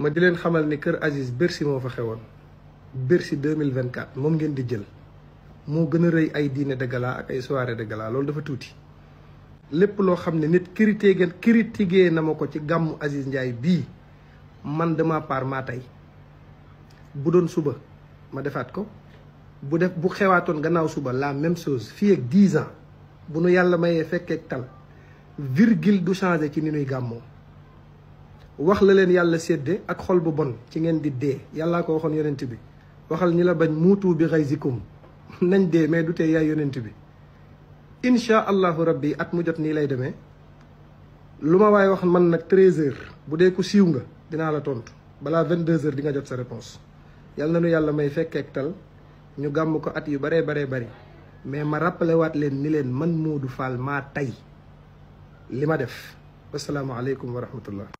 ma di leen xamal ni kër Aziz Bercy moo fa xewoon Bercy 2024 moom ngeen di jël moo gën a rëy ay dîner de gala ak ay soirée de gala loolu dafa tuuti lépp loo xam ne nit critiqué critiqué na ma ko ci gàmmu Aziz Ndiaye bii man de ma maa tey bu doon suba ma defaat ko bu def bu xewaatoon gannaaw suba la même chose fii ak 10 ans bu nu yàlla mayee fekkeek tal virgule du changé ci ni nuy gàmmoo wax la len yàlla sédde ak xol bu bon ci ngeen di de yalla ko waxon yonent bi waxal ñi la bañ mutu bi ghaizikum nañ de mais duté ya yonent bi insha allah rabbi at mu jot ni lay démé luma way wax man nak 13h bu dee ku siiw nga dina la tontu bala 22h di nga jot sa réponse yàlla nañu yàlla may ak tal ñu gam ko at yu bare bare bare mais ma rappelé wat len ni len man Modou fal ma tay lima def assalamu alaykum wa rahmatullah